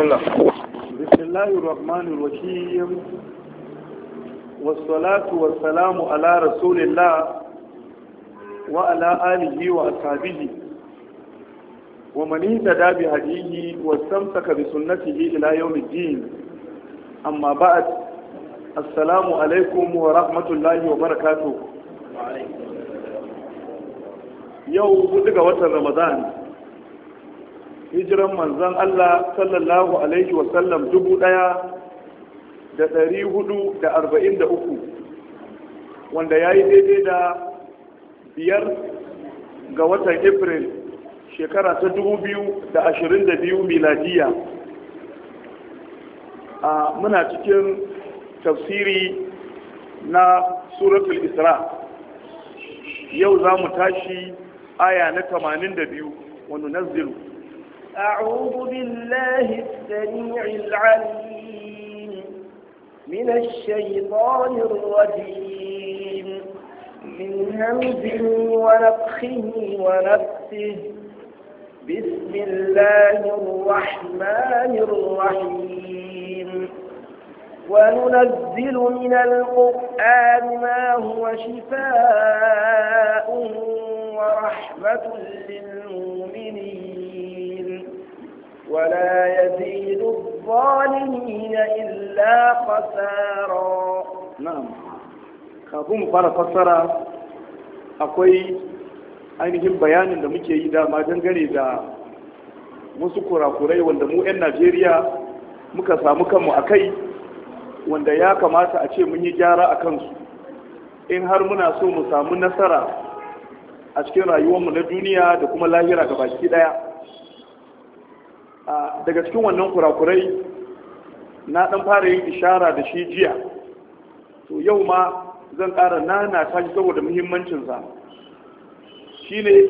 Allah. Bismillahi Rahmanir Rahim. Wassalatu wassalamu ala Rasulillah wa ala alihi wa ashabihi. Wa man yada bi hadihi wa samsaka bi sunnatihi ila yawmiddin. Amma ba'd. Assalamu alaikum wa rahmatullahi wa barakatuh. Yau buɗe ga watan Ramadan. hijiran manzan Allah sallallahu alaihi wasallam dubu ɗaya da ɗari hudu da arba'in da uku wanda ya yi daidai da biyar ga watan april shekara ta dubu biyu da ashirin da biyu miladiya a muna cikin tafsiri na suratul isra yau za mu tashi aya na tamanin da biyu wani nazilu أعوذ بالله السميع العليم من الشيطان الرجيم من همزه ونفخه ونفسه بسم الله الرحمن الرحيم وننزل من القرآن ما هو شفاء ورحمة للمؤمنين ولا يزيد الظالمين إلا خسارا نعم kafin fara fassara akwai ainihin bayanin da muke yi dama dangane da wasu kurakurai wanda mu 'yan najeriya muka samu kanmu a kai wanda ya kamata a ce mun yi gyara a kansu in har muna so mu samu nasara a cikin rayuwarmu na duniya da kuma lahira ga baki daya daga cikin wannan kurakurai na dan fara yin ishara da shi jiya to yau ma zan ƙara nana ta ji saboda muhimmancinsa shine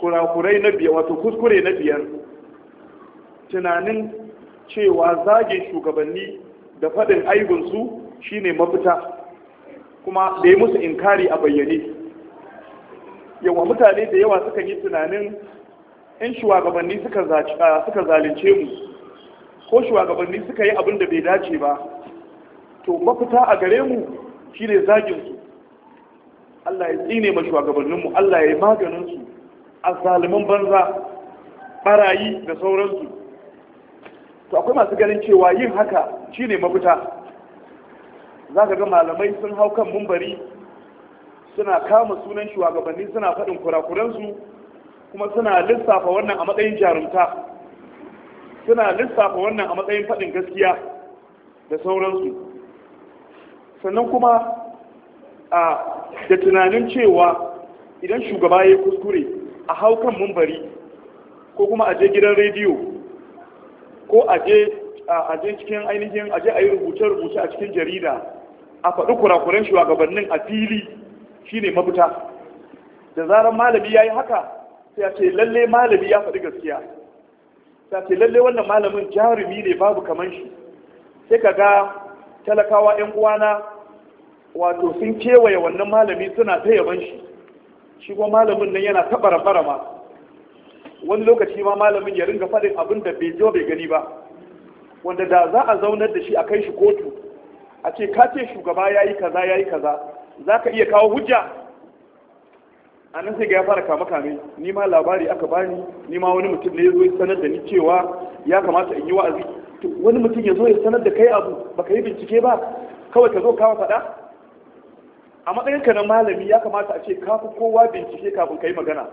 kurakurai na biyar wato kuskure na biyar tunanin cewa zage shugabanni da faɗin aibinsu shine mafita kuma da yi musu inkari a bayyane yawa mutane da yawa sukan yi tunanin in shugabanni ah, suka zalunce mu ko shugabanni suka yi abin da bai dace ba to mafita a gare mu shine zaginsu Allah ya tsine ma shugabanninmu Allah ya yi maganinsu a zaliman banza barayi da sauransu to akwai masu ganin cewa yin haka shine mafita za ka ga malamai sun hau kan mumbari suna kama sunan shugabanni suna faɗin kurakuransu kuma suna lissafa wannan a matsayin jarumta suna lissafa wannan a matsayin faɗin gaskiya da sauransu sannan kuma a da tunanin cewa idan shugaba ya kuskure a hau kan mumbari ko kuma a je gidan rediyo ko a je cikin ainihin a je a yi rubuce-rubuce a cikin jarida a faɗi kurakuren shugabannin a fili shine mafita da zarar malami ya yi haka sai ce lalle malami ya faɗi gaskiya sai ce lalle wannan malamin jarumi ne babu kaman shi sai ka ga talakawa 'yan uwana wato sun kewaye wannan malami suna ta yaban shi shi kuma malamin nan yana taɓa ma wani lokaci ma malamin ya ringa faɗin abin da bai zo bai gani ba wanda da za a zaunar da shi a kai shi kotu a ce ka ce shugaba ya yi kaza ya yi kaza za ka iya kawo hujja a sai ya fara kama kame ni ma labari aka bani ni ma wani mutum ne ya zo ya sanar da ni cewa ya kamata in yi wa'azi wani mutum ya zo ya sanar da kai abu baka yi bincike ba kawai ka zo kawo faɗa a matsayin ka na malami ya kamata a ce ka fi kowa bincike kafin ka yi magana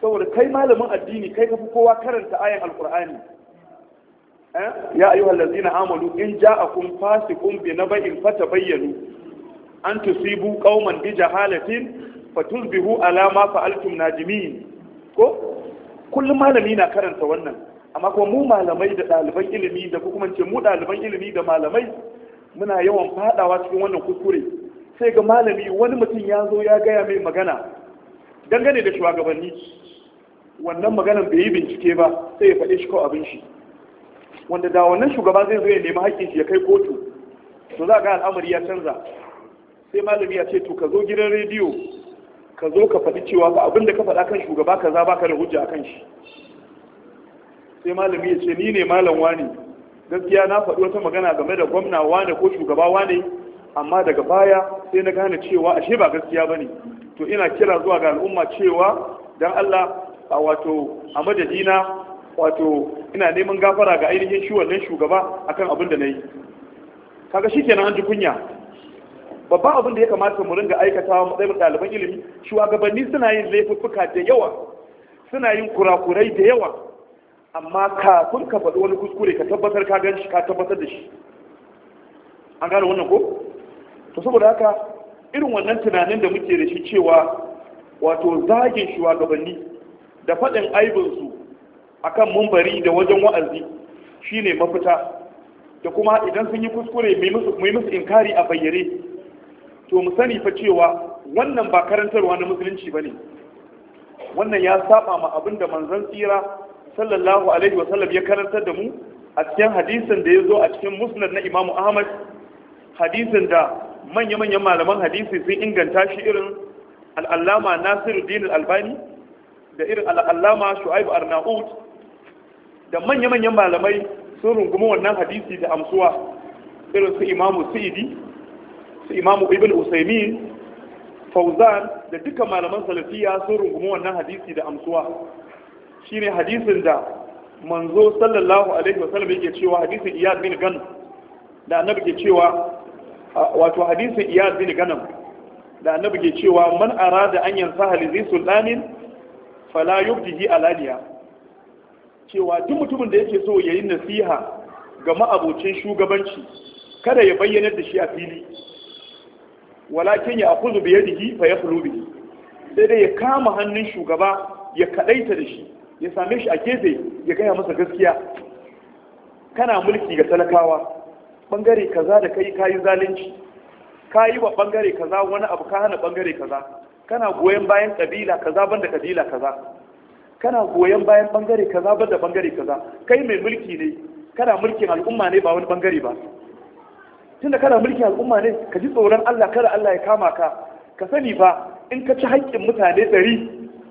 saboda kai malamin addini kai ka fi kowa karanta ayan alkur'ani eh? ya ayyuhal allazina amalu in ja'akum fasiqun bi naba'in fatabayyanu an tusibu qauman bi jahalatin fatusbihu ala ma fa'altum najimin ko kullum malami na karanta wannan amma kuma mu malamai da ɗaliban ilimi da kuma ce mu ɗaliban ilimi da malamai muna yawan fadawa cikin wannan kuskure sai ga malami wani mutum ya zo ya gaya mai magana dangane da shugabanni wannan maganan bai yi bincike ba sai ya faɗi shi ko abin shi wanda da wannan shugaba zai zo ya nemi haƙƙin shi ya kai kotu to za ga al'amari ya canza sai malami ya ce to ka zo gidan rediyo ka zo ka faɗi cewa ba abinda ka faɗa kan shugaba kaza baka da hujja akan shi sai malami ya ce ni ne malam wani gaskiya na faɗi wata magana game da gwamna wane ko shugaba wane amma daga baya sai na gane cewa ashe ba gaskiya ba ne. to ina kira zuwa ga al'umma cewa dan Allah a wato a madadina wato ina neman gafara ga ainihin shi wannan shugaba akan abin da na yi kaga shikenan an ji kunya Babba abin da ya kamata mu ringa aikatawa matsayin ɗaliban ilimi shugabanni suna yin laifuffuka da yawa suna yin kurakurai da yawa amma kafin ka faɗi wani kuskure ka tabbatar ka gan ka tabbatar da shi an gane wannan ko to saboda haka irin wannan tunanin da muke da shi cewa wato zagin shugabanni da faɗin aibinsu akan mumbari da wajen wa'azi shine mafita da kuma idan sun yi kuskure mu yi musu inkari a bayyane to mu sani fa cewa wannan ba karantarwa na musulunci ba ne wannan ya saba ma abin da manzon tsira sallallahu alaihi wasallam ya karantar da mu a cikin hadisin da ya zo a cikin musnad na imamu ahmad hadisin da manya-manyan malaman hadisi sun inganta shi irin al'allama nasiruddin albani da irin al'allama shu'aib arnaud da manya-manyan malamai sun rungumi wannan hadisi da amsuwa irin su imamu sa'idi su imamu ibn usaimi fauzan da duka malaman salafiya sun rungumi wannan hadisi da amsuwa shine hadisin da manzo sallallahu alaihi wasallam yake cewa hadisin iyad bin ganam, da annabi ke cewa wato hadisin iyad bin ganam da annabi ke cewa man arada an yansa halizi sultanin fala yubdihi alaniya cewa duk mutumin da yake so yayin nasiha ga ma'abocin shugabanci kada ya bayyana da shi a fili walakin ya akuzu bi yadihi fa yakhlu bihi sai dai ya kama hannun shugaba ya kadaita da shi ya same shi a gefe ya gaya masa gaskiya kana mulki ga talakawa bangare kaza da kai kayi zalunci kayi wa bangare kaza wani abu ka hana bangare kaza kana goyon bayan kabila kaza banda kabila kaza kana goyon bayan bangare kaza banda bangare kaza kai mai mulki ne kana mulkin al'umma ne ba wani bangare ba tunda kana mulkin al'umma ne ka ji tsoron Allah kada Allah ya kama ka ka sani ba in ka ci haƙƙin mutane ɗari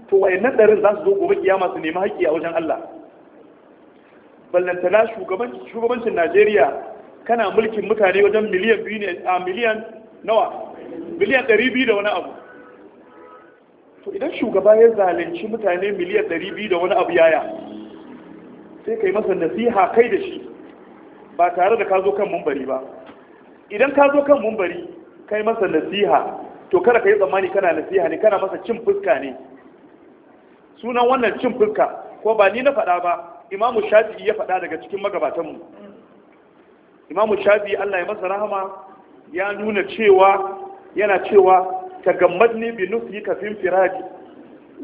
to wayannan ɗarin za su zo gobe kiyama su nemi haƙƙi a wajen Allah ballantana shugabancin Najeriya kana mulkin mutane wajen miliyan biyu ne a miliyan nawa miliyan ɗari biyu da wani abu to idan shugaba ya zalunci mutane miliyan ɗari biyu da wani abu yaya sai ka yi masa nasiha kai da shi ba tare da ka zo kan mumbari ba idan ka zo kan mumbari kai masa nasiha to kada ka yi tsammani kana nasiha ne kana masa cin fuska ne sunan wannan cin fuska ko ba ni na faɗa ba imamu shafi ya faɗa daga cikin magabatanmu imamu shafi Allah ya masa rahama ya nuna cewa yana cewa ka gammadni bi nufi nusika firaji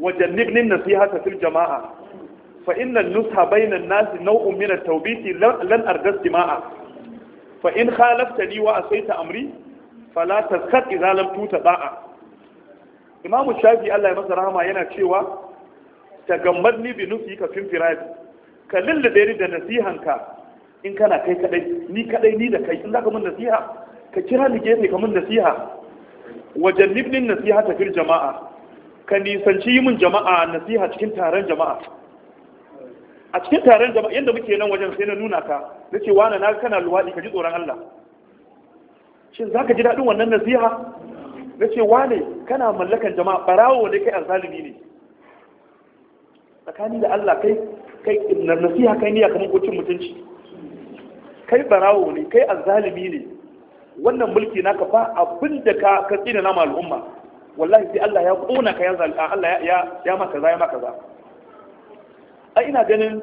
wajen wa jannibni ta fil jama'a fa inna nusha bainan nasi naw'un min at-tawbiti lan ardas jama'a fa in khalaftani wa asaita amri fala taskat idza lam tuta da'a imam shafi Allah ya masa rahama yana cewa ta tagammadni bi nufi ka fin firadi ka lullube ni da nasihanka in kana kai kaɗai. ni kaɗai ni da kai in zaka mun nasiha ka kira ni gefe ka mun nasiha wa jannibni nasiha ta fir jama'a ka nisanci yi mun jama'a nasiha cikin taron jama'a a cikin taron jama'a yadda muke nan wajen sai na nuna ka na ce wani na kana luwaɗi ka ji tsoron Allah shin za ka ji daɗin wannan nasiha na ce wane kana mallakan jama'a ɓarawo ne kai arzalimi ne tsakani da Allah kai kai nasiha kai niyya kamar kocin mutunci kai ɓarawo ne kai arzalimi ne wannan mulki naka ba abin da ka ka tsina na al'umma wallahi sai Allah ya kona ka ya zalta Allah ya ya maka za ya maka za ai ina ganin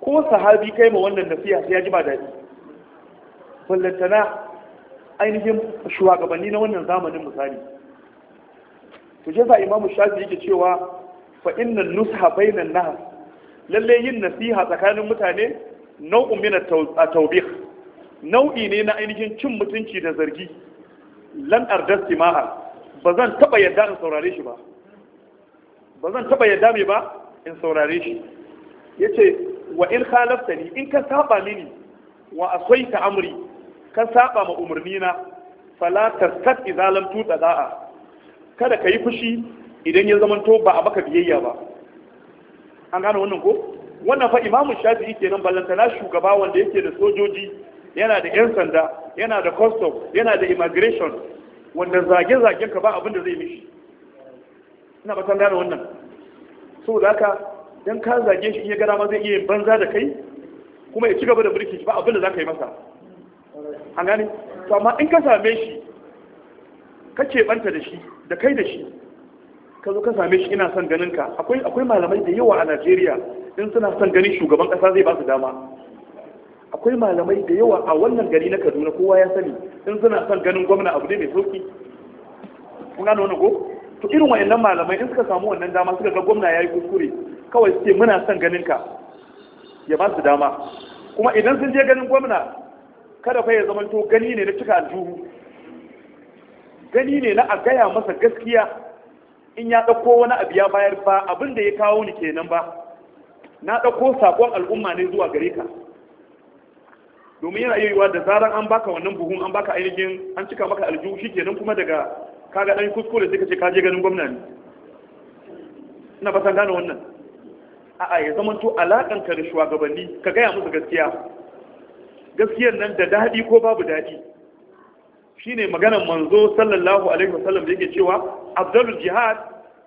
ko sahabi kai ma wannan nasiha sai ya ji ba daɗi ballantana ainihin shugabanni na wannan zamanin misali to jasa imamu shafi yake cewa fa inna nusha bainan nahas lalle yin nasiha tsakanin mutane nau'u min at-tawbih nau'i ne na ainihin cin mutunci da zargi lan ardas timaha ba zan taba yadda in saurare shi ba ba zan taba yadda mai ba in saurare shi yace wa in ni in ka saba mini wa akwai ta amri ka saba ma umarnina fala tastat idza lam tuta da'a kada ka yi fushi idan ya to ba a baka biyayya ba an gane wannan ko wannan fa imamu shafi'i kenan ballantana shugaba wanda yake da sojoji yana da yan sanda yana da custom yana da immigration wanda zage-zagen ka ba abin da zai mishi ina ba gane wannan so da haka don ka zage shi iya ya gara ma zai iya banza da kai kuma ya ci gaba da mulki ba abin da za ka yi masa an gane to amma in ka same shi ka keɓanta da shi da kai da shi ka zo ka same shi ina son ganin ka akwai akwai malamai da yawa a Najeriya in suna son ganin shugaban ƙasa zai ba su dama akwai malamai da yawa a wannan gari na Kaduna kowa ya sani in suna son ganin gwamna abu ne mai sauki kun gane wannan ko to irin wayannan malamai in suka samu wannan dama suka ga gwamna yayi kuskure kawai suke muna son ganin ka ya ba su dama kuma idan sun je ganin gwamna kada fa ya zama to gani ne na cika aljuhu gani ne na a gaya masa gaskiya in ya ɗauko wani abu ya bayar ba abin da ya kawo ni kenan ba na ɗauko sakon al'umma ne zuwa gare ka domin yana yiwuwa da zaran an baka wannan buhun an baka ainihin an cika maka aljihu shi kenan kuma daga kaga ɗan kuskure sai ka ce ka je ganin gwamna ne ina fatan gane wannan a'a ya zama to alakan ka da shugabanni ka gaya musu gaskiya gaskiyar nan da daɗi ko babu daɗi shine maganar manzo sallallahu alaihi wasallam da yake cewa Abdul jihad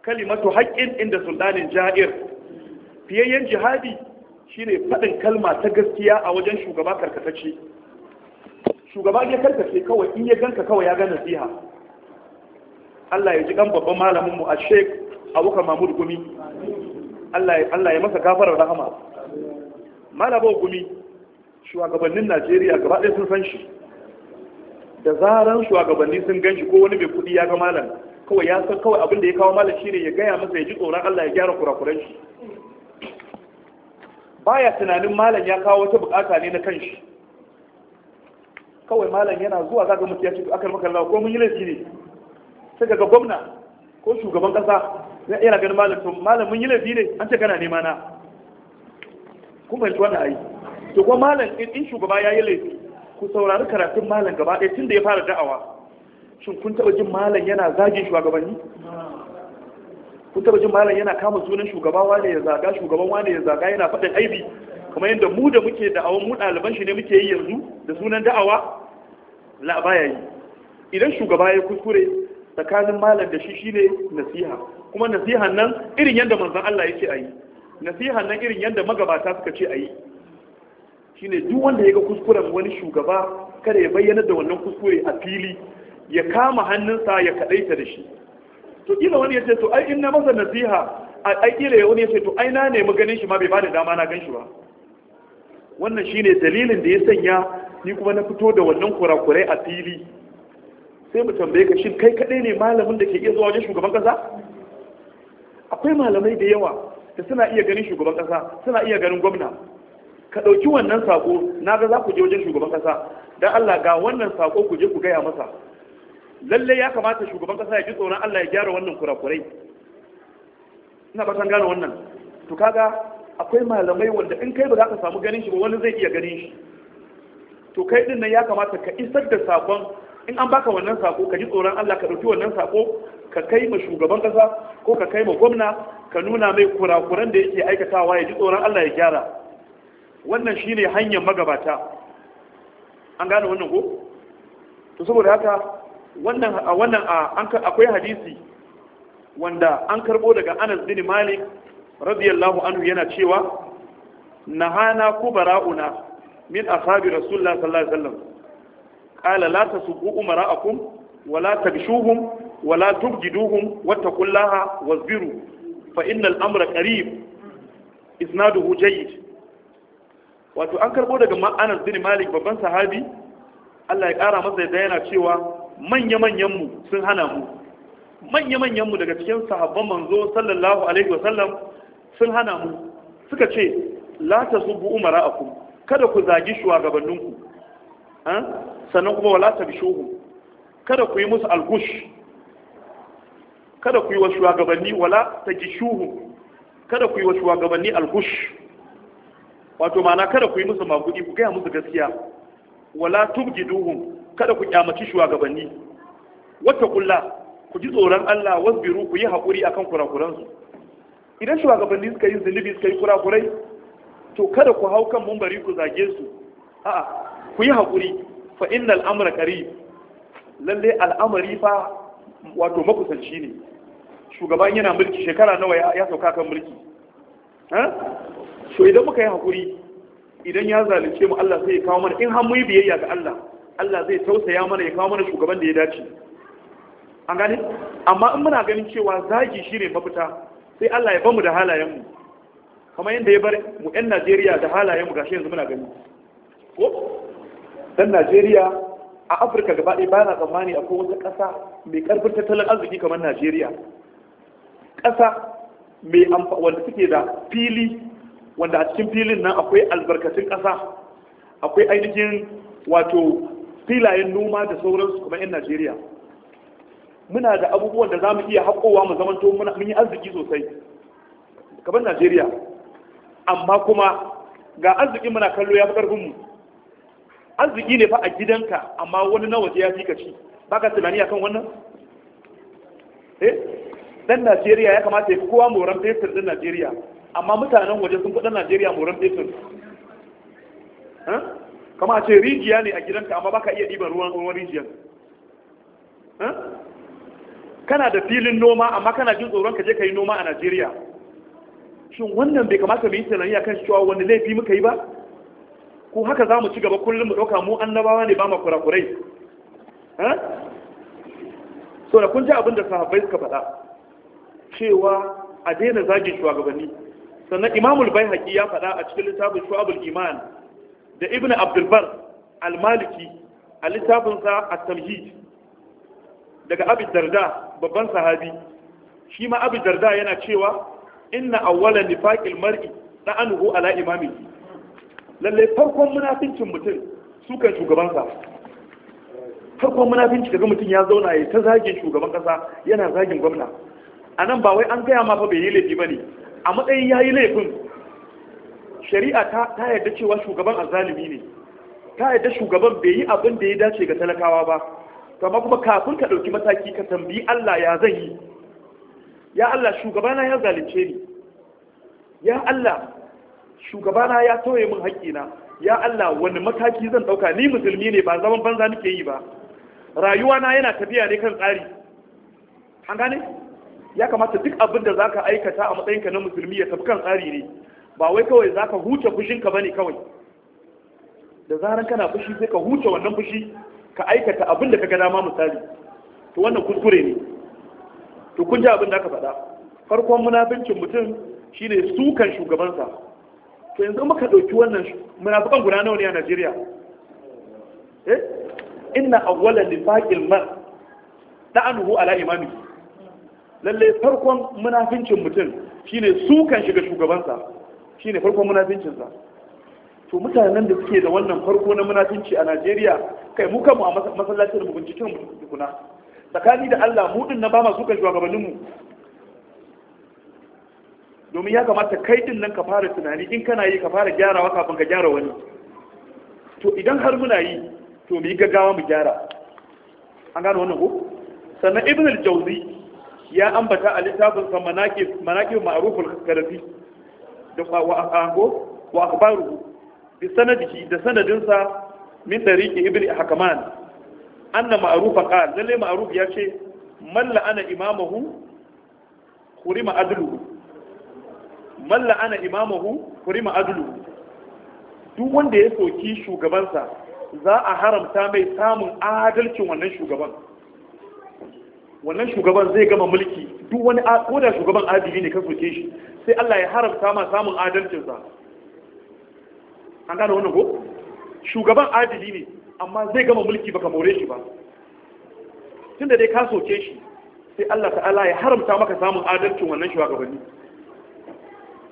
kalimatu haqqin inda sultanin ja'ir fiyayyen jihadi shine faɗin kalma ta gaskiya a wajen shugaba karkatacce shugaba ya karkace kawai in ya ganka kawai ya ga nasiha Allah ya ji kan babban malamin mu a Sheikh Abubakar Mahmud Gumi Allah ya masa gafarar rahama malaba gumi shugabannin Najeriya gaba ɗaya sun san shi da zaran shugabanni sun gan shi ko wani mai kuɗi ya ga malam kawai ya san kawai abin da ya kawo malam shine ya gaya masa ya ji tsoron Allah ya gyara kurakuran shi baya tunanin malam ya kawo wata bukata ne na kan shi. kawai malam yana zuwa zaga mutu ya ce akar maka Allah ko mun yi laifi ne sai daga gwamna ko shugaban kasa zai iya ganin malam to malam mun yi laifi ne an ce kana nema na kun fahimci wannan ayi to kuma malam in shugaba ya yi laifi ku saurari karatun malam gaba ɗaya tun da ya fara da'awa shin kun taɓa jin malam yana zagin shugabanni kun taɓa jin malam yana kama sunan shugaba wane ya zaga shugaban wane ya zaga yana faɗin aibi kamar yadda mu da muke da'awan mu ɗaliban shi ne muke yi yanzu da sunan da'awa la baya yi idan shugaba ya kuskure tsakanin malam da shi shine nasiha kuma nasihan nan irin yadda manzon Allah yake ayi nasihan nan irin yadda magabata suka ce ayi shine duk wanda ya ga kuskuren wani shugaba kada ya bayyana da wannan kuskure a fili ya kama hannunsa ya kadaita da shi to kila wani ya ce to ai in masa nasiha ai kila wani ya ce to ai na nemi ganin shi ma bai bada dama na gan shi ba wannan shine dalilin da ya sanya ni kuma na fito da wannan kurakurai a fili sai mu tambaye ka shin kai kadai ne malamin da ke iya zuwa wajen shugaban kasa akwai malamai da yawa da suna iya ganin shugaban kasa suna iya ganin gwamna ka ɗauki wannan sako na ga za ku je wajen shugaban kasa don Allah ga wannan sako ku je ku gaya masa lalle ya kamata shugaban kasa ya ji tsoron Allah ya gyara wannan kurakurai ina ba gane wannan to kaga akwai malamai wanda in kai ba za ka samu ganin shi ba wani zai iya ganin shi to kai din nan ya kamata ka isar da sakon in an baka wannan sako ka ji tsoron Allah ka dauki wannan sako ka kai ma shugaban kasa ko ka kai ma gwamna ka nuna mai kurakuran da yake aikatawa ya ji tsoron Allah ya gyara wannan shine hanyar magabata an gane wannan ko to saboda haka wannan a wannan akwai hadisi wanda an karbo daga Anas bin Malik radiyallahu anhu yana cewa nahana kubara'una min ashabi rasulullah sallallahu alaihi wasallam qala la tasubbu umara'akum wa la tabshuhum wa la tubjiduhum wattaqullaha wasbiru fa innal amra qarib isnaduhu jayyid wato an karbo daga Anas bin Malik babban sahabi Allah ya ƙara masa da yana cewa manya manyanmu sun hana mu manya manyanmu daga cikin sahabban manzo sallallahu alaihi wa sallam sun hana mu suka ce la tasubbu umara'akum kada ku zagi shugabanninku Eh? sannan kuma wala tabshuhu kada ku yi musu algush kada ku yi wa shugabanni wala tajishuhu kada ku yi wa shugabanni algush wato ma'ana kada ku yi musu magudi ku gaya musu gaskiya wala tubgiduhum kada ku kyamaci shugabanni wata kulla ku ji tsoron Allah wasbiru ku yi haƙuri akan kurakuransu idan shugabanni suka yi zunubi suka yi kurakurai to kada ku hau kan mumbari ku zage su a'a ku yi haƙuri fa innal al’amura ƙari lalle al'amari fa wato makusanci ne shugaban yana mulki shekara nawa ya sauka kan mulki ha so idan muka yi haƙuri idan ya zalunce mu Allah zai kawo mana in har mu yi biyayya ga Allah Allah zai tausaya mana ya kawo mana shugaban da ya dace an gani, amma in muna ganin cewa zagi shine mafita sai Allah ya bamu da halayen kamar yadda ya bar mu 'yan Najeriya da halayen mu gashi yanzu muna gani ko dan Najeriya a Afirka gaba ɗaya bana tsammani akwai wata ƙasa mai ƙarfin tattalin arziki kamar Najeriya ƙasa mai wanda suke da fili wanda a cikin filin nan akwai albarkatun ƙasa akwai ainihin wato filayen noma da sauransu kamar 'yan Najeriya muna da abubuwan da za mu iya haƙowa mu zamanto mun yi arziki sosai kamar Najeriya amma kuma ga arzikin muna kallo ya fi ƙarfinmu arziki ne fa a gidanka amma wani na waje ya fi ka ci ba ka tunani kan wannan eh dan najeriya ya kamata ya fi kowa moran fetur din najeriya amma mutanen waje sun fi najeriya moran fetur kama ce rijiya ne a gidanka amma baka iya ɗiban ruwan ruwan rijiyar kana da filin noma amma kana jin tsoron ka je ka yi noma a najeriya shin wannan bai kamata mu yi tunani akan cewa wani laifi muka yi ba Ku haka za mu ci gaba kullum mu ɗauka mu annabawa ne ba ma kurakurai so da kun ji abin da sahabbai suka faɗa cewa a daina zagin shugabanni sannan imamul bai ya faɗa a cikin littafin shu'abul iman da ibn abdulbar al-maliki a littafinsa a tamhid daga Abid darda babban sahabi shi ma Abid darda yana cewa inna awwala nifaqil mar'i anhu ala imamihi Lallai farkon munafincin mutum su kan shugabansa farkon munafinci daga mutum ya zauna ya ta zagin shugaban kasa yana zagin gwamna a nan ba wai an gaya ma fa bai yi laifi ba ne a matsayin ya yi laifin shari'a ta yarda cewa shugaban azalimi ne ta yarda shugaban bai yi abin da ya dace ga talakawa ba kama kuma kafin ka ɗauki mataki ka tambayi Allah ya zan yi ya Allah shugabana ya zalunce ni ya Allah shugabana ya tauye min haƙƙina ya Allah wani mataki zan ɗauka ni musulmi ne ba zaman banza nake yi ba rayuwa na yana tafiya ne kan tsari an gane ya kamata duk abin da zaka aikata a matsayinka na musulmi ya tafi kan tsari ne ba wai kawai zaka huce fushinka bane kawai da zaran kana fushi sai ka huce wannan fushi ka aikata abin da kaga dama misali to wannan kuskure ne to kun ji abin da aka faɗa farkon munafincin mutum shine sukan shugabansa to yanzu muka ɗauki wannan munafukan guda nawa ne a Najeriya eh inna awwala nifaqil mar da'anuhu ala imami lalle farkon munafincin mutum shine sukan shiga shugabansa shine farkon munafincinsa to mutanen da suke da wannan farko na munafinci a Najeriya kai mu kanmu a masallacin mu binciken mu tukuna tsakani da Allah mu din na ba ma sukan shugabanninmu domin ya kamata kai din nan ka fara tunani in kana yi ka fara gyarawa kafin ka gyara wani to idan har muna yi to mu yi gaggawa mu gyara an gano wannan ko sannan ibn al-jawzi ya ambata a littafin sa manaqib manaqib ma'ruf karafi da wa aqango wa akhbaruhu bi sanadihi da sanadin sa min tariqi ibn hakaman anna ma'ruf qala lalle ma'ruf ya ce malla ana imamahu hurima adluhu malla ana imamahu kurima adlu duk wanda ya soki shugabansa za a haramta mai samun adalcin wannan shugaban wannan shugaban zai gama mulki duk wani ko da shugaban adili ne ka soke shi sai Allah ya haramta ma samun adalcinsa an gane wannan ko shugaban adili ne amma zai gama mulki baka more shi ba tunda dai ka soke shi sai Allah ta'ala ya haramta maka samun adalcin wannan shugabanni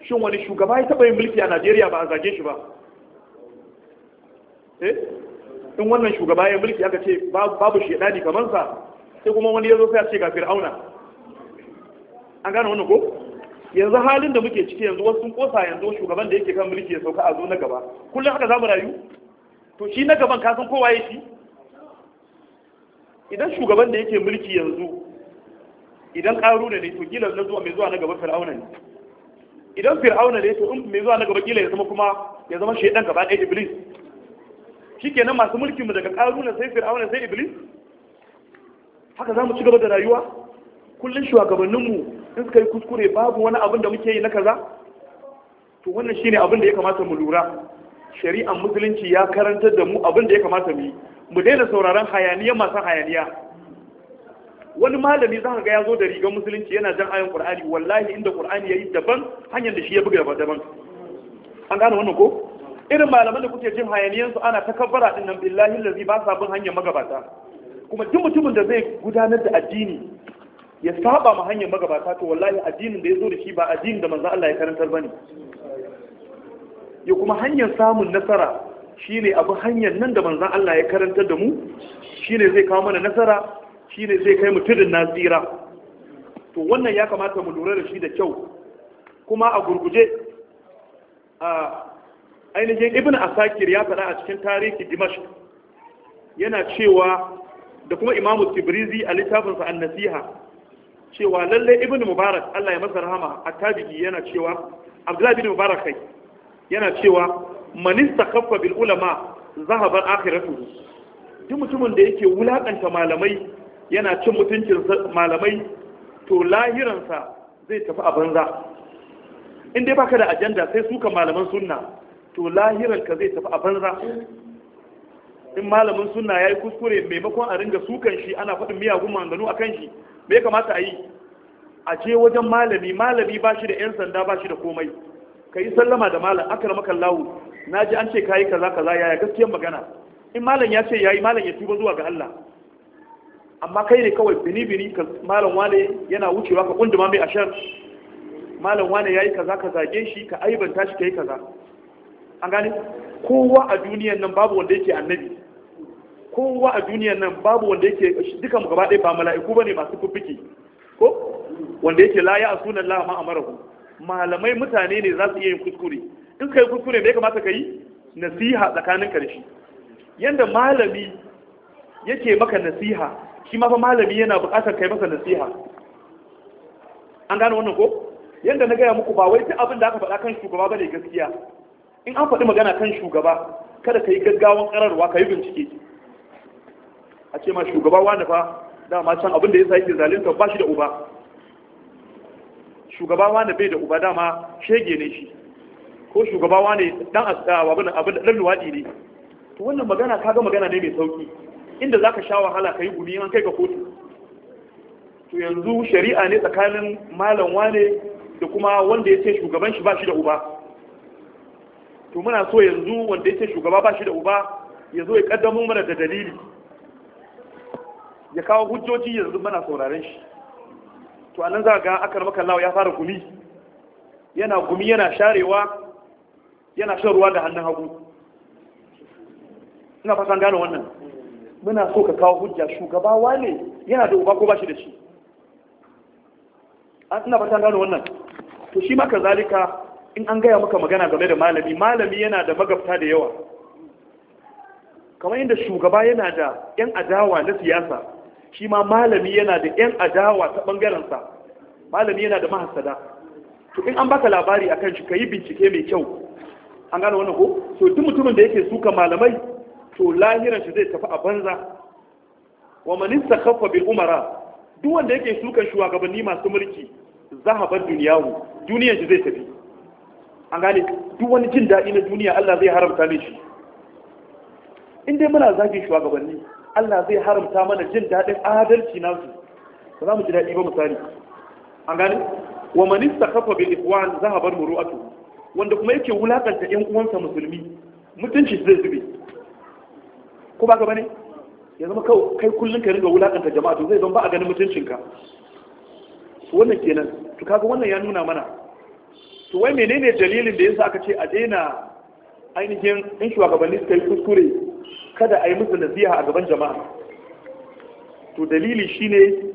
shin wani shugaba ya taɓa yin mulki a najeriya ba a zage shi ba eh in wannan shugaba ya mulki aka ce babu shaidani kamar sa sai kuma wani ya zo sai a ce ga fir'auna an gane wannan ko yanzu halin da muke ciki yanzu wasu kosa yanzu shugaban da yake kan mulki ya sauka a zo na gaba kullum haka za mu rayu to shi na gaban kasan kowa ya shi idan shugaban da yake mulki yanzu idan ƙaru ne to gila na zuwa mai zuwa na gaba fir'auna ne idan fir'auna ne to in mai zuwa na gaba kila ya zama kuma ya zama shaidan gaba ɗaya iblis shikenan masu mulkin mu daga karuna sai fir'auna sai iblis haka zamu ci gaba da rayuwa kullum mu in suka yi kuskure babu wani abin da muke yi na kaza to wannan shine abin da ya kamata mu lura shari'ar musulunci ya karantar da mu abin da ya kamata mu yi mu daina sauraron hayaniya masu hayaniya wani malami za ga ya zo da rigar musulunci yana jan ayon qur'ani wallahi inda qur'ani yayi daban hanyar da shi ya buga daban an gane wannan ko irin malaman da kuke jin su ana ta kabbara din nan billahi lazi ba sa bin hanyar magabata kuma duk mutumin da zai gudanar da addini ya saba ma hanyar magabata to wallahi addinin da ya zo da shi ba addinin da manzo Allah ya karantar bane ya kuma hanyar samun nasara shine abu hanyar nan da manzo Allah ya karantar da mu shine zai kawo mana nasara Shi ne zai kai mutumin Nasira. to wannan ya kamata mu lura da shi da kyau kuma a gurguje a ainihin ibn asakir ya faɗa a cikin tarihi dimash yana cewa da kuma imamu tibrizi a littafinsa an nasiha cewa lallai ibn mubarak allah ya masa rahama a tabi'i yana cewa abdullahi Ibn mubarak kai yana cewa manista kaffa bil ulama zahabar akhiratu duk mutumin da yake wulakanta malamai yana cin mutuncin malamai to lahiransa zai tafi a banza in dai baka da ajanda sai suka malaman sunna to lahiranka zai tafi a banza in malamin sunna ya yi kuskure maimakon a ringa sukan shi ana faɗin miyagun manganu a kan shi me ya kamata a yi a je wajen malami malami ba shi da 'yan sanda ba shi da komai ka yi sallama da malam akar kan lawu na ji an ce ka yi kaza kaza yaya gaskiyar magana in malam ya ce ya yi malam ya tuba zuwa ga allah amma kai ne kawai bini bini ka malam wane yana wucewa ka kunduma mai ashar malam wane yi kaza ka zage shi ka aibanta shi kai kaza an gane kowa a duniyar nan babu wanda yake annabi kowa a duniyar nan babu wanda yake duka mu gaba ɗaya ba mala'iku ne masu fuffiki ko wanda yake la ya asuna Allah ma amarahu malamai mutane ne za su iya yin kuskure in yi kuskure bai kamata ka yi nasiha tsakanin karshe Yadda malami yake maka nasiha shi ma fa malami yana buƙatar kai masa nasiha an gano wannan ko yanda na gaya muku ba wai duk abin da aka faɗa kan shugaba bane gaskiya in an faɗi magana kan shugaba kada ka yi gaggawan ƙararwa ka yi bincike a ce ma shugaba wani fa dama can abin da ya sa yake zalunta ba shi da uba shugaba wani bai da uba dama shege ne shi ko shugaba wani dan asawa abin abin dan luwadi ne to wannan magana kaga magana ne mai sauki inda za ka sha wahala ka yi gumi an kai ga kotu to yanzu shari'a ne tsakanin malam wane da kuma wanda ya ce shugaban shi ba shi da uba to muna so yanzu wanda ya ce shugaba ba shi da uba ya zo ya kaddamo mana da dalili ya kawo hujjoji yanzu mana sauraren shi to anan za ga akar makallawa ya fara gumi yana gumi yana sharewa yana shan ruwa da hannun hagu ina fasan gane wannan muna so ka kawo hujja shugaba wane yana da uba ko ba shi da shi an ah, ina fata gano wannan to shi maka zalika in an gaya maka magana game da malami malami yana da magabta da yawa kamar yadda shugaba yana da 'yan adawa na siyasa shi ma malami yana da 'yan adawa ta bangarensa. malami yana da mahasada to in an baka labari a kan shi ka yi bincike mai kyau an gano wannan ko to duk mutumin da yake suka malamai to lahiran shi zai tafi a banza wa manista kafa bil umara duk wanda yake sukan shugabanni masu mulki zahabar duniyawu duniyar shi zai tafi an gane duk wani jin daɗi na duniya Allah zai haramta min shi in dai muna zagin shugabanni Allah zai haramta mana jin daɗin adalci su. ba za mu ji daɗi ba misali an gane wa manista kafa bil ikwan zahabar muru'atu wanda kuma yake wulakanta yan uwansa musulmi mutunci zai zube ko ba gaba ne? ya zama kai kullum ka ringa wulakanta jama'a to zai zama ba a ganin mutuncinka to wannan kenan to kaga wannan ya nuna mana to wai menene dalilin da yasa aka ce a daina ainihin in shugabanni suka yi kuskure kada a yi musu nasiha a gaban jama'a to dalili shine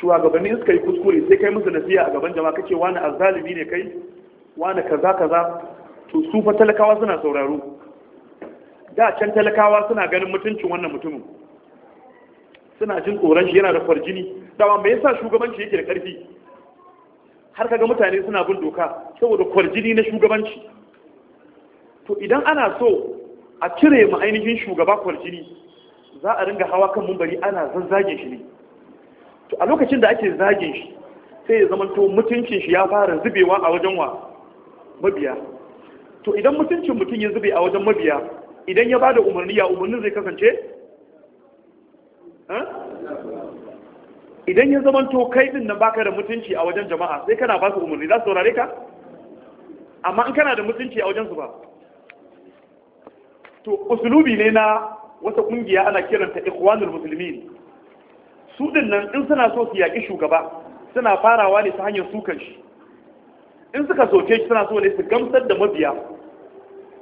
shugabanni suka yi kuskure sai kai musu nasiha a gaban jama'a kace wani azzalimi ne kai wani kaza kaza to su fa talakawa suna sauraro da can talakawa suna ganin mutuncin wannan mutumin suna jin tsoron shi yana da farjini dama mai yasa shugabanci yake da karfi har kaga mutane suna bin doka saboda kwarjini na shugabanci to idan ana so a cire mu ainihin shugaba kwarjini za a ringa hawa kan mumbari ana zan shi ne to a lokacin da ake zage shi sai ya zama to mutuncin shi ya fara zubewa a wajen wa mabiya to idan mutuncin mutum ya zube a wajen mabiya idan ya bada umarni ya umarnin zai kasance idan ya zama to kai din nan baka da mutunci a wajen jama'a sai kana ba su umarni za su saurare ka amma in kana da mutunci a wajen su ba to usulubi ne na wata kungiya ana kiranta ikhwanul muslimin su din nan in suna so su yaki shugaba suna farawa ne ta hanyar sukan shi in suka soke shi suna so ne su gamsar da mabiya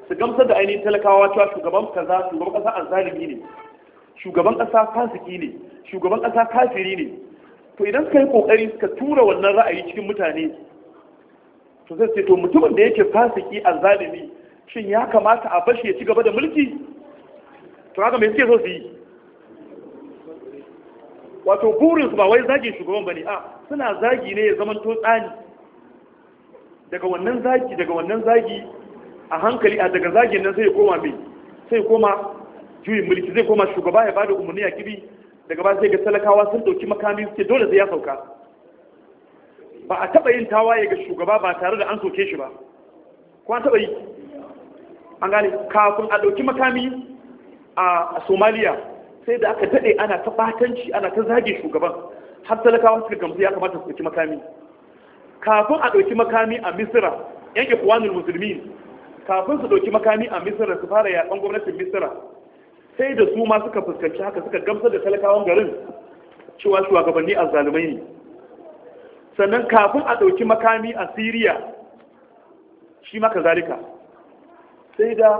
su gamsar da ainihin talakawa cewa shugaban kaza shugaban kasa azzalimi ne shugaban kasa fasiki ne shugaban kasa kafiri ne to idan suka yi kokari suka tura wannan ra'ayi cikin mutane to zai ce to mutumin da yake fasiki azzalimi shin ya kamata a bashi ya ci gaba da mulki to haka mai suke so su yi wato burinsu ba wai zagin shugaban ba ne a suna zagi ne ya zama to tsani daga wannan zagi daga wannan zagi a hankali a daga zagin nan sai koma mai sai koma juyin mulki zai koma shugaba ya bada umarni a kibi daga ba sai ga talakawa sun dauki makami suke dole sai ya sauka ba a taba yin tawaye ga shugaba ba tare da an soke shi ba ko an taba yi an gane kafin a dauki makami a Somalia sai da aka dade ana ta batanci ana ta zage shugaban har talakawa suka gamsu ya kamata su dauki makami kafin a dauki makami a Misira yanke ikwanul musulmi. kafin su ɗauki makami a misira su fara yaƙan gwamnatin misira sai da su ma suka fuskanci haka suka gamsar da talakawan garin cewa shugabanni a zalumai ne sannan kafin a ɗauki makami a siriya shi maka zalika sai da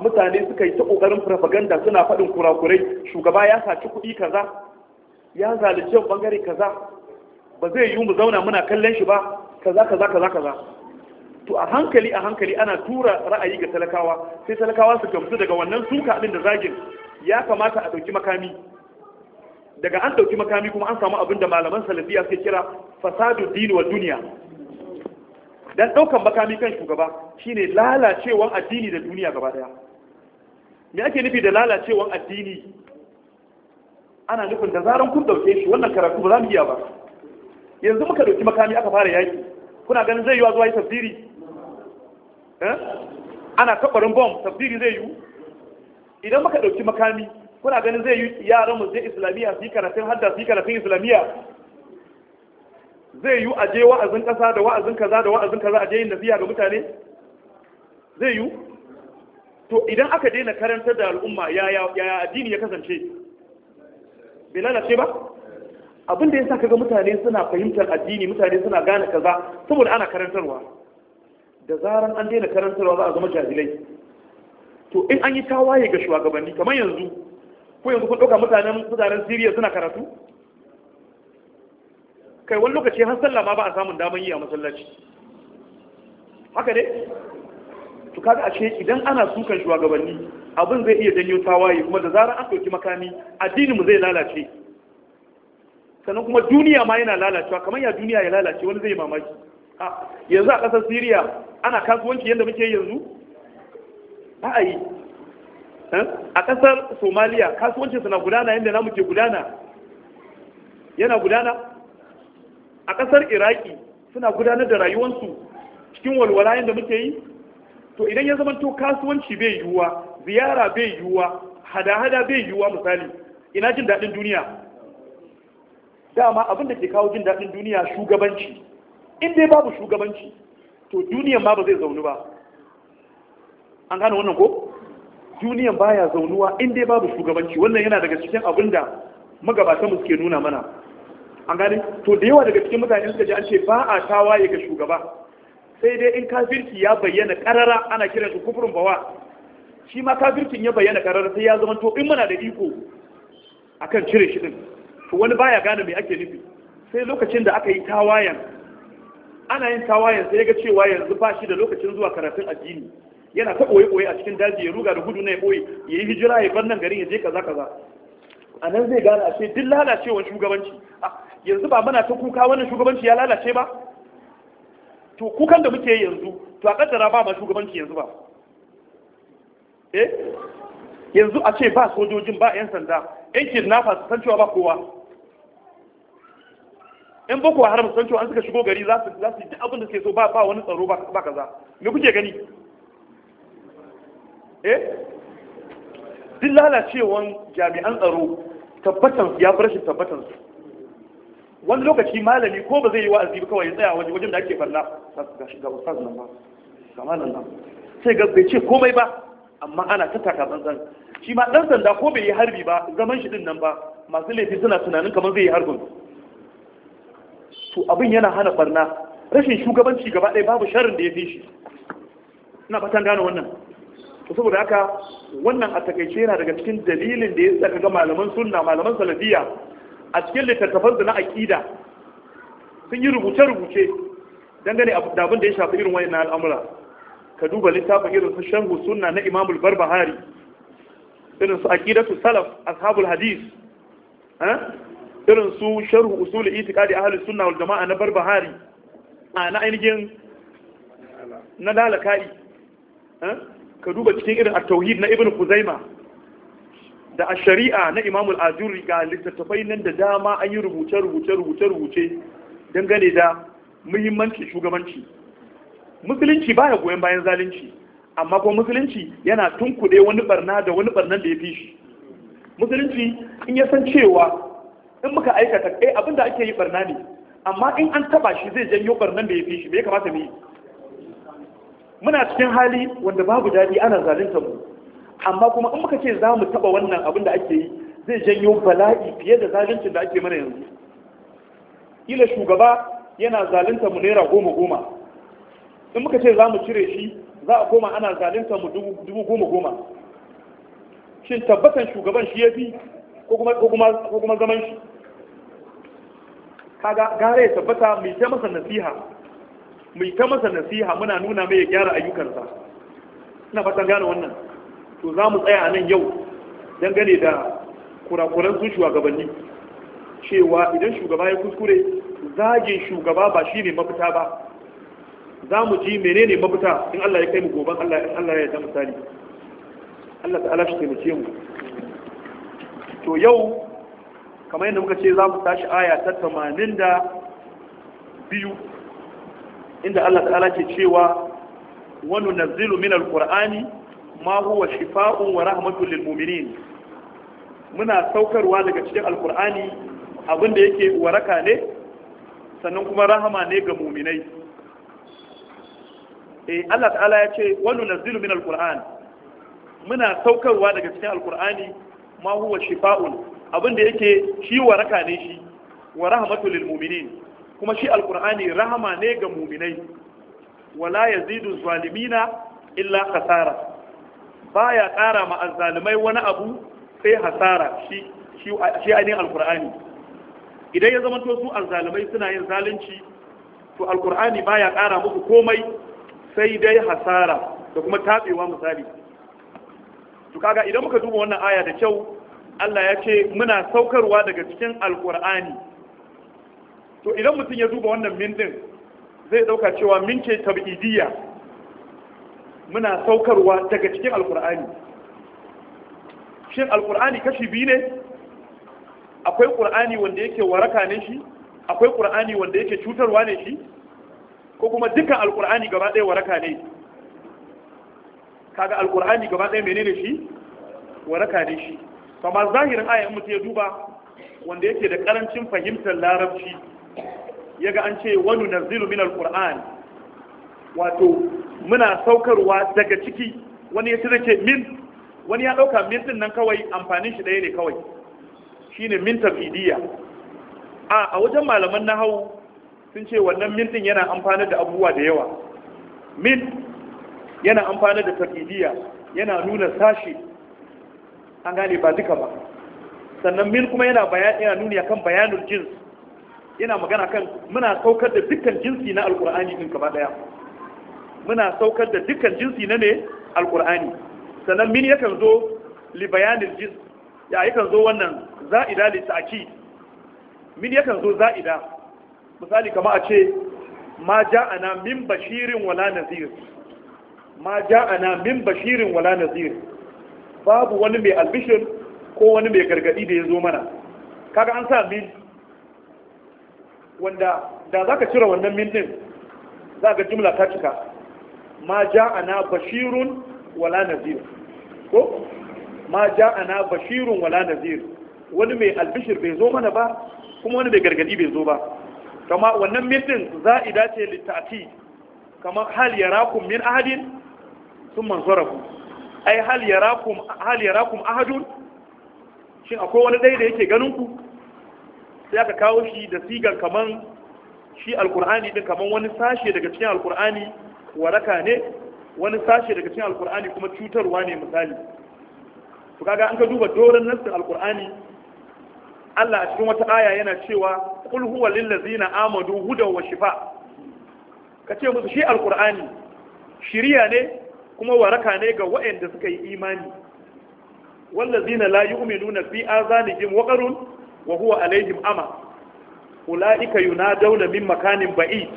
mutane suka yi ta ƙoƙarin farfaganda suna faɗin kurakurai shugaba ya saci kuɗi kaza ya zalice bangare kaza ba zai yi mu zauna muna kallon shi ba kaza kaza kaza kaza to a hankali a hankali ana tura ra'ayi ga talakawa sai talakawa su gamsu daga wannan suka abin da zagin ya kamata a ɗauki makami daga an ɗauki makami kuma an samu abin da malaman salafiya suke kira fasadu dini wa duniya dan ɗaukan makami kan shugaba shine lalacewan addini da duniya gaba daya me ake nufi da lalacewan addini ana nufin da zaran kun ɗauke shi wannan karatu ba za mu iya ba yanzu muka ɗauki makami aka fara yaki kuna ganin zai yiwa zuwa yi tafsiri Eh? ana kabarin bom tafsiri zai yiwu idan muka ɗauki makami kuna ganin zai yi yaran mu zai islamiyya su yi karatun hadda su yi karatun islamiyya zai yi a je wa'azin ƙasa da wa'azin kaza da wa'azin kaza a je yin nasiya ga mutane zai yi to idan aka daina karantar da al'umma ya ya addini ya kasance bai lalace ba abin da ya sa kaga mutane suna fahimtar addini mutane suna gane kaza saboda ana karantarwa da zaran an daina karantarwa za a zama jahilai to in an yi tawaye ga shugabanni kamar yanzu ko yanzu kun ɗauka mutanen mutanen siriya suna karatu kai wani lokaci har sallah ma ba a samun daman yi a masallaci haka ne to kaga ashe idan ana sukan shugabanni abin zai iya janyo tawaye kuma da zarar an ɗauki makami addinin mu zai lalace sannan kuma duniya ma yana lalacewa kamar ya duniya ya lalace wani zai mamaki yanzu a ƙasar Siriya ana kasuwanci yadda muke yanzu ba a yi eh? a ƙasar Somaliya kasuwancinsu na gudana yadda namu ke gudana yana gudana a ƙasar Iraki suna gudanar da rayuwarsu cikin walwala yadda muke yi to idan ya zama to kasuwanci bai yiwuwa ziyara bai yiwuwa hada-hada bai yiwuwa misali ina jin daɗin duniya dama abin da ke kawo jin daɗin duniya shugabanci in dai babu shugabanci to duniyan ma ba zai zaunu ba an gane wannan ko duniyan baya zaunuwa in dai babu shugabanci wannan yana daga cikin abin da magabatanmu suke nuna mana an gane to da yawa daga cikin mutane suka ji an ce ba a tawaye ga shugaba sai dai in kafirki ya bayyana karara ana kiran su kufurin bawa shi ma kafirkin ya bayyana karara sai ya zama to in muna da iko akan cire shi din to wani baya gane me ake nufi sai lokacin da aka yi tawayan ana yin tawayen sai ga cewa yanzu ba shi da lokacin zuwa karatun addini yana ta ɓoye ɓoye a cikin daji ya ruga da gudu na ya ɓoye ya yi hijira ya bar nan garin ya je kaza kaza a nan zai gane ce duk lalacewar shugabanci yanzu ba muna ta kuka wannan shugabanci ya lalace ba to kukan da muke yanzu to a kaddara ba ma shugabanci yanzu ba eh yanzu a ce ba sojojin ba yan sanda yan kidnappers san cewa ba kowa in boko haram san cewa an suka shigo gari za su za su yi abin da suke so ba ba wani tsaro ba kaza me kuke gani eh duk lalacewan jami'an tsaro tabbatan ya fi rashin tabbatan su wani lokaci malami ko ba zai yi wa'azi ba kawai ya tsaya waje wajen da ake barna ga shiga ustaz nan ba ga malam nan sai ga bai ce komai ba amma ana ta taka tsantsan shi ma dan sanda ko bai yi harbi ba zaman shi din nan ba masu laifi suna tunanin kamar zai yi harbin Su abin yana hana barna rashin shugabanci gaba ɗaya babu sharin da ya fi shi ina fatan gane wannan to saboda haka wannan a takaice yana daga cikin dalilin da ya saka ga malaman sunna malaman salafiya a cikin littattafan su na aqida sun yi rubuce rubuce dangane da abin da ya shafi irin wani na al'amura ka duba littafin irin su sharhu sunna na imamul barbahari irin su aqidatu salaf ashabul hadith eh? irin su sharhu usuli itiqadi ahli sunna wal jama'a na barbahari a na ainihin na eh ka duba cikin irin at-tauhid na ibn kuzaima da a shari'a na imam al-azuri ga littattafai nan da dama an yi rubuce rubuce rubuce rubuce dangane da muhimmancin shugabanci musulunci baya goyon bayan zalunci amma kuma musulunci yana tunkuɗe wani barna da wani barnan da ya fi shi musulunci in ya san cewa in muka aikata kai eh, da ake yi barna ne amma in an taba shi zai janyo barnan da ya fi shi me kamata mu yi muna cikin hali wanda babu daɗi ana zalunta mu amma kuma in muka ce za mu taba wannan abin da ake yi zai janyo bala'i fiye da zaluncin da ake mana yanzu ila shugaba yana zalunta mu naira goma goma in muka ce za mu cire shi za a koma ana zalunta mu dubu goma goma shin tabbatan shugaban shi ya fi ko kuma zaman shi kaga gara ya tabbata mai ta masa nasiha mai ta masa nasiha muna nuna mai ya gyara ayyukansa ina fatan gane wannan to za mu tsaya nan yau dangane da kurakuran sun shugabanni cewa idan shugaba ya kuskure zagin shugaba ba shi ne mafita ba za mu ji menene mafita in Allah ya kai mu goban Allah in Allah ya yarda misali Allah ta'ala shi taimake mu to yau kamar yadda muka ce za mu tashi aya ta tamanin da biyu inda Allah ta'ala ke cewa wani nazilu min al-qur'ani ma huwa shifa'un wa rahmatul lil mu'minin muna saukarwa daga cikin alkur'ani abinda yake waraka ne sannan kuma rahama ne ga mu'minai eh Allah ta'ala ya ce wani nazilu min alkur'ani muna saukarwa daga cikin al-qur'ani ma huwa shifa'un abin da yake shi waraka ne shi wa rahmatu lil mu'minin kuma shi alqur'ani rahama ne ga mu'minai wala yazidu zalimina illa khasara baya ƙara ma azzalimai wani abu sai hasara shi shi shi ainihin alqur'ani idan ya zama to su azzalimai suna yin zalunci to alqur'ani baya ƙara muku komai sai dai hasara da kuma tabewa misali to kaga idan muka duba wannan aya da kyau Allah ya ce muna saukarwa daga cikin alkur'ani to idan mutum ya duba wannan mintin, zai dauka cewa min ke tabidiyya muna saukarwa daga cikin alkur'ani shin alkur'ani kashi biyu ne akwai qur'ani wanda yake waraka ne shi akwai qur'ani wanda yake cutarwa ne shi ko kuma dukkan alkur'ani gaba ɗaya waraka ne kaga alkur'ani gaba ɗaya menene shi waraka ne shi ba zahirin ayan mutu ya duba wanda yake da karancin fahimtar larabci ya ga an ce wani nazilu min alkur'an wato muna saukarwa daga ciki wani ya ci min wani ya ɗauka min din nan kawai amfanin shi ɗaya ne kawai shine min tafidiyya a a wajen malaman na hau sun ce wannan min din yana amfana da abubuwa da yawa min yana amfana da tafidiyya yana nuna sashi an gane ba duka ba sannan min kuma yana yana nuni akan bayanul jins yana magana kan muna saukar da dukkan jinsi na alqur'ani din gaba daya muna saukar da dukkan jinsi na ne alqur'ani sannan min yakan zo li bayanul jins ya yakan zo wannan za'ida li ta'kid min yakan zo za'ida misali kamar a ce ma ja'ana min bashirin wala nazir ma ja'ana min bashirin wala nazir babu wani mai albishir ko wani mai gargadi da ya zo mana kaga an sa min wanda da za ka cire wannan min din za ga jumla ta cika ma ja'ana bashirun wala nazir ko ma ja'ana bashirun wala nazir wani mai albishir bai zo mana ba kuma wani mai gargadi bai zo ba kama wannan min din za'ida ce litta'ati kamar hal yarakum min ahadin sun manzaraku ai hal yarakum hal yarakum ahadun shin akwai wani dai da yake ganin ku sai aka kawo shi da sigan kaman shi alqur'ani din kaman wani sashe daga cikin alqur'ani waraka ne wani sashe daga cikin alqur'ani kuma cutarwa ne misali to kaga an ka duba doran nassin alqur'ani Allah a cikin wata aya yana cewa qul huwa lil ladzina amadu hudaw wa shifa kace musu shi alqur'ani shiriya ne kuma waraka ne ga waɗanda suka yi imani wallazina la yu'minuna fi azanihim waqarun wa huwa alaihim ama ulaika yunadawna min makanin ba'id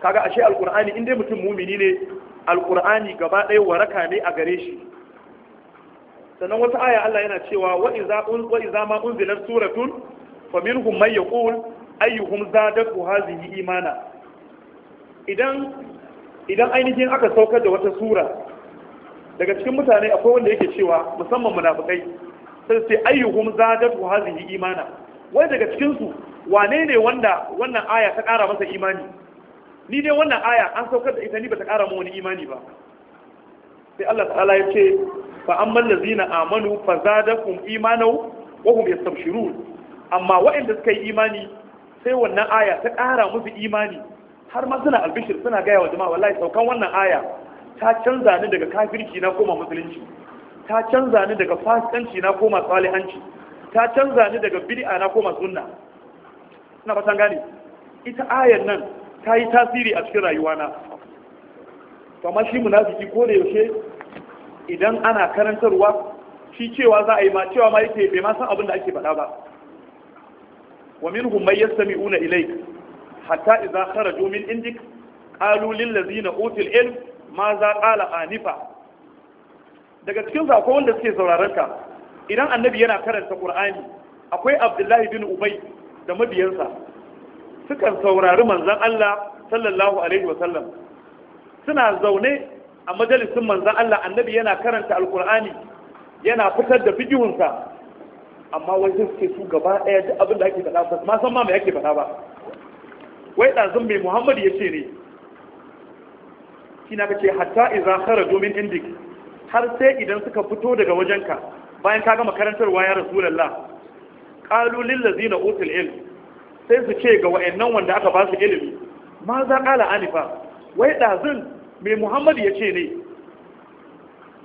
kaga ashe alqur'ani inda mutum mumini ne Alƙur'ani gaba ɗaya waraka ne a gare shi sannan wata aya Allah yana cewa wa iza wa iza ma unzilat suratun minhum man yaqul ayyuhum zadatu hadhihi imana idan idan ainihin aka saukar da wata sura daga cikin mutane akwai wanda yake cewa musamman munafikai sai sai ayyuhum zadatu hadhihi imana wai daga cikin su wane ne wanda wannan aya ta ƙara masa imani ni dai wannan aya an saukar da ita ni bata kara mu wani imani ba sai Allah ta'ala ya ce fa ammal ladzina amanu fa zadakum imanu wa hum yastabshirun amma waɗanda suka yi imani sai wannan aya ta kara musu imani har ma suna albishir suna gaya wa jama'a wallahi saukan wannan aya ta canza ni daga kafirci na koma musulunci ta canza ni daga fasikanci na koma salihanci ta canza ni daga bid'a na koma sunna ina fatan gane ita ayan nan ta yi tasiri a cikin rayuwana to amma shi munafiki ko da yaushe idan ana karantarwa shi cewa za a yi ma cewa ma yake bai ma san abin da ake faɗa ba wa minhum may yastami'una ilayka hatta idza kharaju min indik qalu lil ladzina utul ilm ma za daga cikin sa wanda suke sauraron ka idan annabi yana karanta qur'ani akwai abdullahi bin ubay da mabiyansa sukan saurari manzon Allah sallallahu alaihi wa sallam suna zaune a majalisin manzon Allah annabi yana karanta alqur'ani yana fitar da fikihunsa amma wajen suke su gaba ɗaya duk abin da ake faɗa ba ma san ma me ake faɗa ba wai ɗazin mai muhammadu ya ce ne kina ka ce hatta iza domin indik har sai idan suka fito daga wajenka bayan ka gama karantarwa ya rasulallah ƙalulin na Otal ilm sai su ce ga wa'annan wanda aka ba su ilimi ma za ƙala anifa wai ɗazin mai muhammadu ya ce ne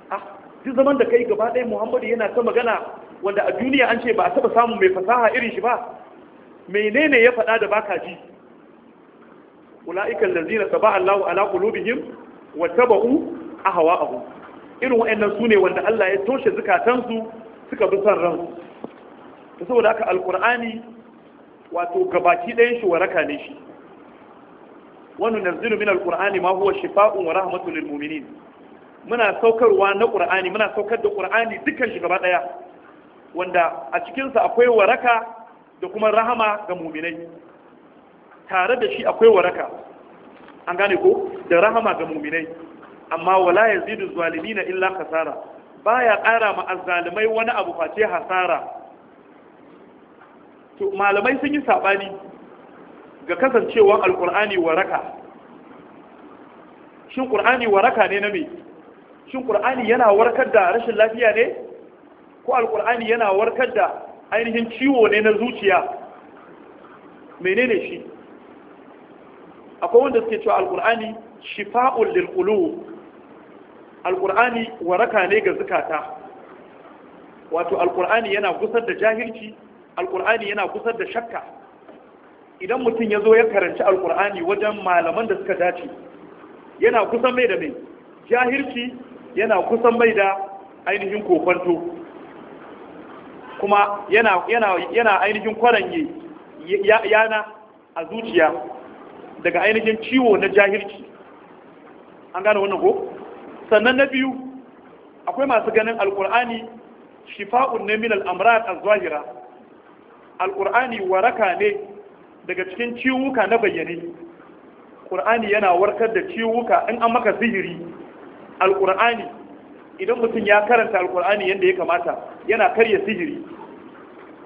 A ah, duk zaman da kai gaba ɗaya muhammadu yana ta magana wanda a duniya an ce ba a taɓa samun mai fasaha irin shi ba menene ya faɗa da baka ji ula'ikan lazina saba Allahu ala qulubihim wa hawa abu. irin wayannan sune wanda Allah ya toshe zukatansu suka bi san ransu Ta saboda haka Alƙur'ani wato gabaki ɗayan shi waraka ne shi wannan nazilu min Alƙur'ani ma huwa shifa'un wa rahmatun lil mu'minin muna saukarwa na ƙur'ani, muna saukar da ƙur'ani dukkan shi gaba ɗaya. wanda a cikinsa akwai waraka da kuma rahama ga mu'minai tare da shi akwai waraka an gane ko da rahama ga muminai amma wala yazidu zalimina illa khasara baya ƙara ma azzalimai wani abu face hasara to malamai sun yi sabani ga kasancewa alqur'ani waraka shin qur'ani waraka ne na me shin qur'ani yana warkar da rashin lafiya ne ko alqur'ani yana warkar da ainihin ciwo ne na zuciya menene shi akwai wanda suke cewa alkur'ani shifa'ul lil qulub alkur'ani waraka ne ga zukata wato alkur'ani yana gusar da jahilci alkur'ani yana gusar da shakka idan mutum ya zo ya karanci alkur'ani wajen malaman da suka dace yana kusan mai da mai jahilci yana kusan mai da ainihin kofanto kuma yana ainihin kwaranye yana a zuciya daga ainihin ciwo na jahilci an gane wannan ko sannan na biyu akwai masu ganin alkur'ani shifa'un ne min al'amrat az-zahira alkur'ani waraka ne daga cikin ciwuka na bayyane qur'ani yana warkar da ciwuka in an maka sihiri alkur'ani idan mutum ya karanta alkur'ani yadda ya kamata yana karya sihiri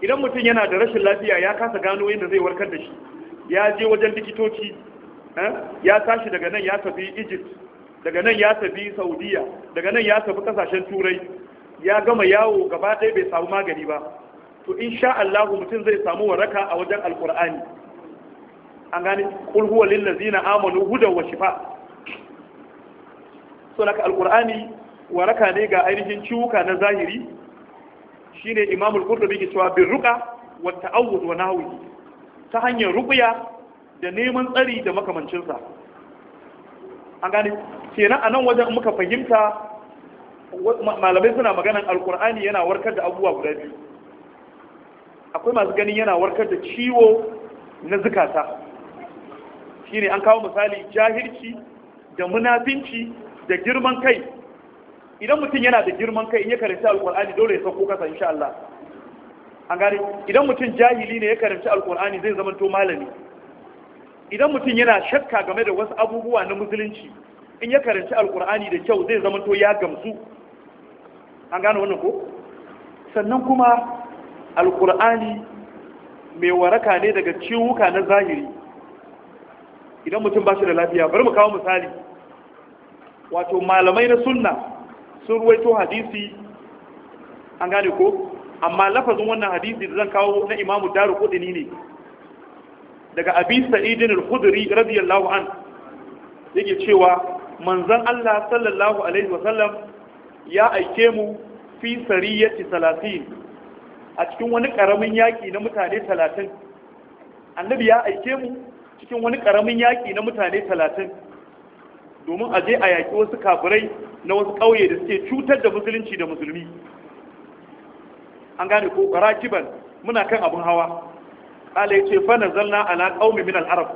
idan mutum yana da rashin lafiya ya kasa gano yadda zai warkar da shi ya je wajen likitoci eh, ya tashi daga nan ya tafi egypt daga nan ya tafi saudiya daga nan ya tafi kasashen turai ya gama yawo gaba ɗaya bai samu magani ba to insha Allah mutum zai samu waraka a wajen alkur'ani an gani kulhuwa huwa amanu huda wa shifa so naka alkur'ani waraka ne ga ainihin ciwuka na zahiri shine imamul qurtubi ke cewa birruqa wa ta'awud wa nahwi ta hanyar rukuya da neman tsari da makamancinsa an gane kenan a nan wajen muka fahimta malamai suna maganan alkur'ani yana warkar da abubuwa guda biyu akwai masu ganin yana warkar da ciwo na zukata ne an kawo misali jahilci da munafinci da girman kai idan mutum yana da girman kai in ya karanta alkur'ani dole ya sauko kasa insha Allah an gari idan mutum jahili ne ya karanci alkur'ani zai zama to malami idan mutum yana shakka game da wasu abubuwa na musulunci in ya karanci alkur'ani da kyau zai zama to ya gamsu an gano wannan ko sannan kuma alkur'ani mai waraka ne daga ciwuka na zahiri idan mutum ba shi da lafiya bari mu kawo misali wato malamai na sunna sun ruwaito hadisi an gane ko amma lafazin wannan hadisi da zan kawo na imamu daru kudini ne daga abi sa'idin al-khudri radiyallahu an yake cewa manzon Allah sallallahu alaihi wa sallam ya aike mu fi sariyati 30 a cikin wani karamin yaki na mutane 30 annabi ya aike mu cikin wani karamin yaki na mutane 30 domin a je a yaki wasu kafirai na wasu ƙauye da suke cutar da musulunci da musulmi an gane ko rakiban muna kan abun hawa ala yace fa nazalna ala qaumi min al-arab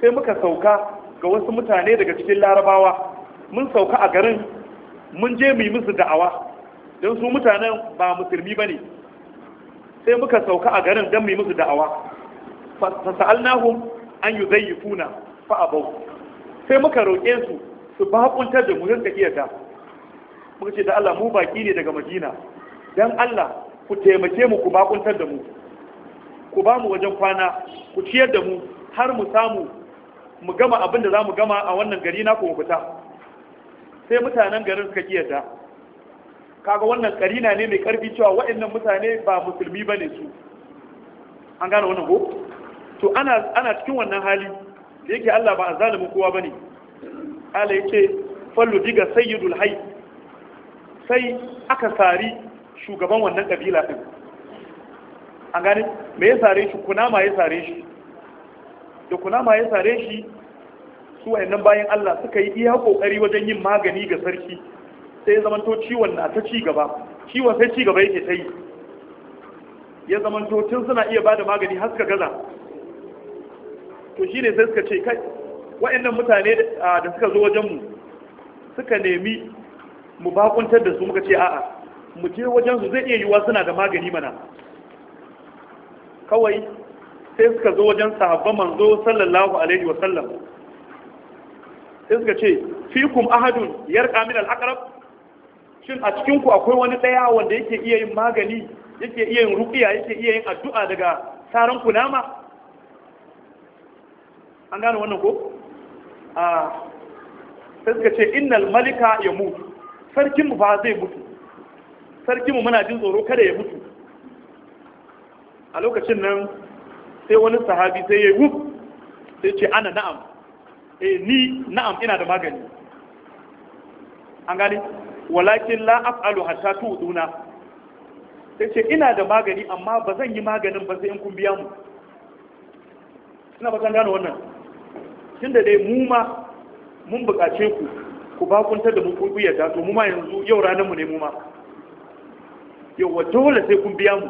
sai muka sauka ga wasu mutane daga cikin larabawa mun sauka a garin mun je mu yi musu da'awa don su mutanen ba musulmi bane sai muka sauka a garin don mu yi musu da'awa fa sa'alnahum an yuzayifuna fa abaw sai muka roƙe su su bakuntar da mu rinka iya da muka ce da Allah mu baki ne daga Madina dan Allah ku taimake mu ku bakuntar da mu ku ba mu wajen kwana ku ciyar da mu har mu samu mu gama abin da za mu gama a wannan gari na ku fita sai mutanen garin suka kiyarta kaga wannan karina ne mai karfi cewa waɗannan mutane ba musulmi ba ne su an gane wannan ko to ana cikin wannan hali da yake Allah ba a zalimin kowa ba ne Allah ya ce fallu diga sayyidul hay sai aka sari shugaban wannan kabila din an gane me ya sare shi kunama ya sare shi da kunama ya sare shi su wayannan bayan Allah suka yi iya kokari wajen yin magani ga sarki sai ya zamanto ciwon na ta ci gaba ciwon sai ci gaba yake ta yi ya zamanto tun suna iya bada magani har suka gaza to shine sai suka ce kai wayannan mutane da suka zo wajen mu suka nemi mu bakuntar da su muka ce a'a mu je wajen su zai iya yiwuwa suna da magani mana kawai sai suka zo wajen sahabban manzo sallallahu alaihi wa sallam sai suka ce fikum ahadun yarqa min al-aqrab shin a cikin ku akwai wani daya wanda yake iya yin magani yake iya yin ruqiya yake iya yin addu'a daga taron kunama an gane wannan ko a ah, sai suka ce innal malika ya mutu sarkin mu fa zai mutu sarkinmu muna jin tsoro kada ya mutu a lokacin nan sai wani sahabi sai ya yi wuf sai ce ana na'am E ni na'am ina da magani an gani walakin la af'alu hatta duna sai ce ina da magani amma ba zan yi maganin ba sai in kun biya mu ina ba zan gano wannan tunda dai mu ma mun buƙace ku ku bakuntar da mu ku da to mu ma yanzu yau ranar mu ne mu ma yawa dole sai kun biya mu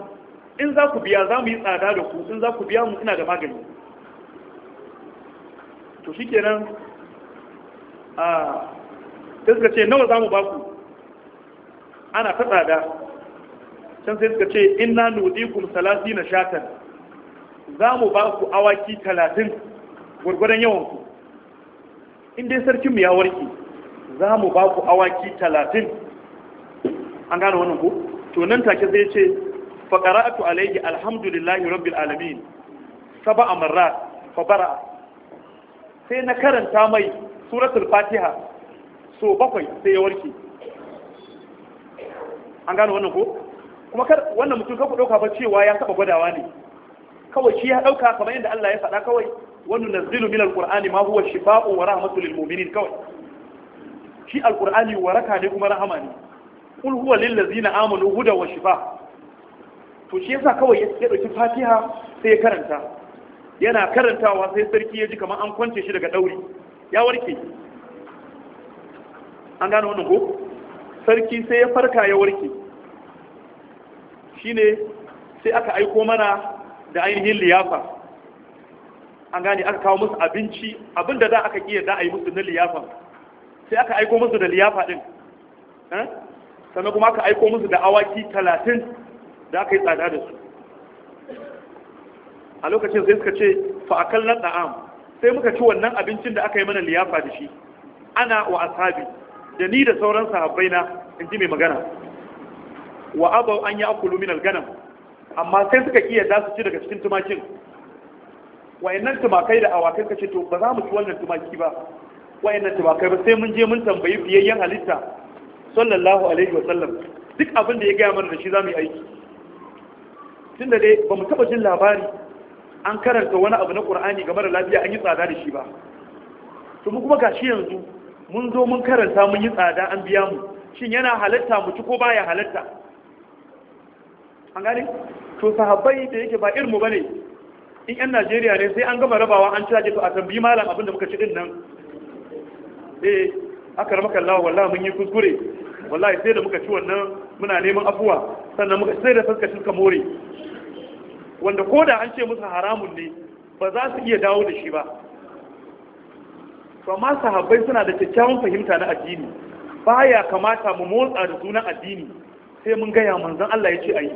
in za ku biya za mu yi tsada da ku in za ku biya mu ina da magani to shi kenan a suka ce nawa za mu ba ku ana ta tsada can sai suka ce ina kun salasi na shatan za mu ba ku awaki talatin gwargwadon yawanku in dai sarkinmu ya warke za mu ba ku awaki talatin an gane wannan ku to nan take sai ce fa qara'atu alayhi alhamdulillahi rabbil alamin sab'a marrat fa bara sai na karanta mai suratul fatiha so bakwai sai ya warke an gano wannan ko kuma kar wannan mutum ka ku dauka ba cewa ya saba gwadawa ne kawai shi ya dauka kamar yadda Allah ya faɗa kawai wannan nazilu min alqur'ani ma huwa shifa'u wa rahmatul lil mu'minin kawai shi alqur'ani waraka ne kuma rahama ne kul huwa lil ladzina amanu huda wa shifa to shi yasa kawai ya dauki fatiha sai ya karanta yana karantawa sai sarki ya ji kamar an kwance shi daga dauri ya warke an gano wannan ko sarki sai ya farka ya warke shine sai aka aiko mana da ainihin liyafa an gane aka kawo musu abinci abinda da aka iya da a yi musu na liyafa sai aka aiko musu da liyafa din eh? sana kuma aka aiko musu da awaki talatin da aka yi tsada da su a lokacin sai suka ce a kallon ɗa'am sai muka ci wannan abincin da aka yi mana liyafa da shi ana wa asabi da ni da sauran sahabbai na in ji mai magana wa abau an yi akulu min alganam amma sai suka iya za su ci daga cikin tumakin wayannan tumakai da awakai ka ce to ba za mu ci wannan tumaki ba wayannan tumakai ba sai mun je mun tambayi biyayyen halitta sallallahu alaihi wasallam duk abin da ya gaya mana da shi za mu yi aiki tun da dai ba mu taɓa jin labari an karanta wani abu na ƙur'ani game da lafiya an yi tsada da shi ba to mu kuma gashi yanzu mun zo mun karanta mun yi tsada an biya mu shin yana halatta mu ci ko baya halatta an gane to sahabbai da yake ba irin mu bane in yan Najeriya ne sai an gama rabawa an ci to a tambayi malam abin da muka ci din nan eh aka rama wallahi mun yi kuskure wallahi sai da muka ci wannan muna neman afuwa sannan muka sai da fuskacin suka more wanda ko da an ce musu haramun ne ba za su iya dawo da shi ba amma sahabbai suna da kyakkyawan fahimta na addini ba ya kamata mu motsa da sunan addini sai mun gaya manzon Allah ya ce ayi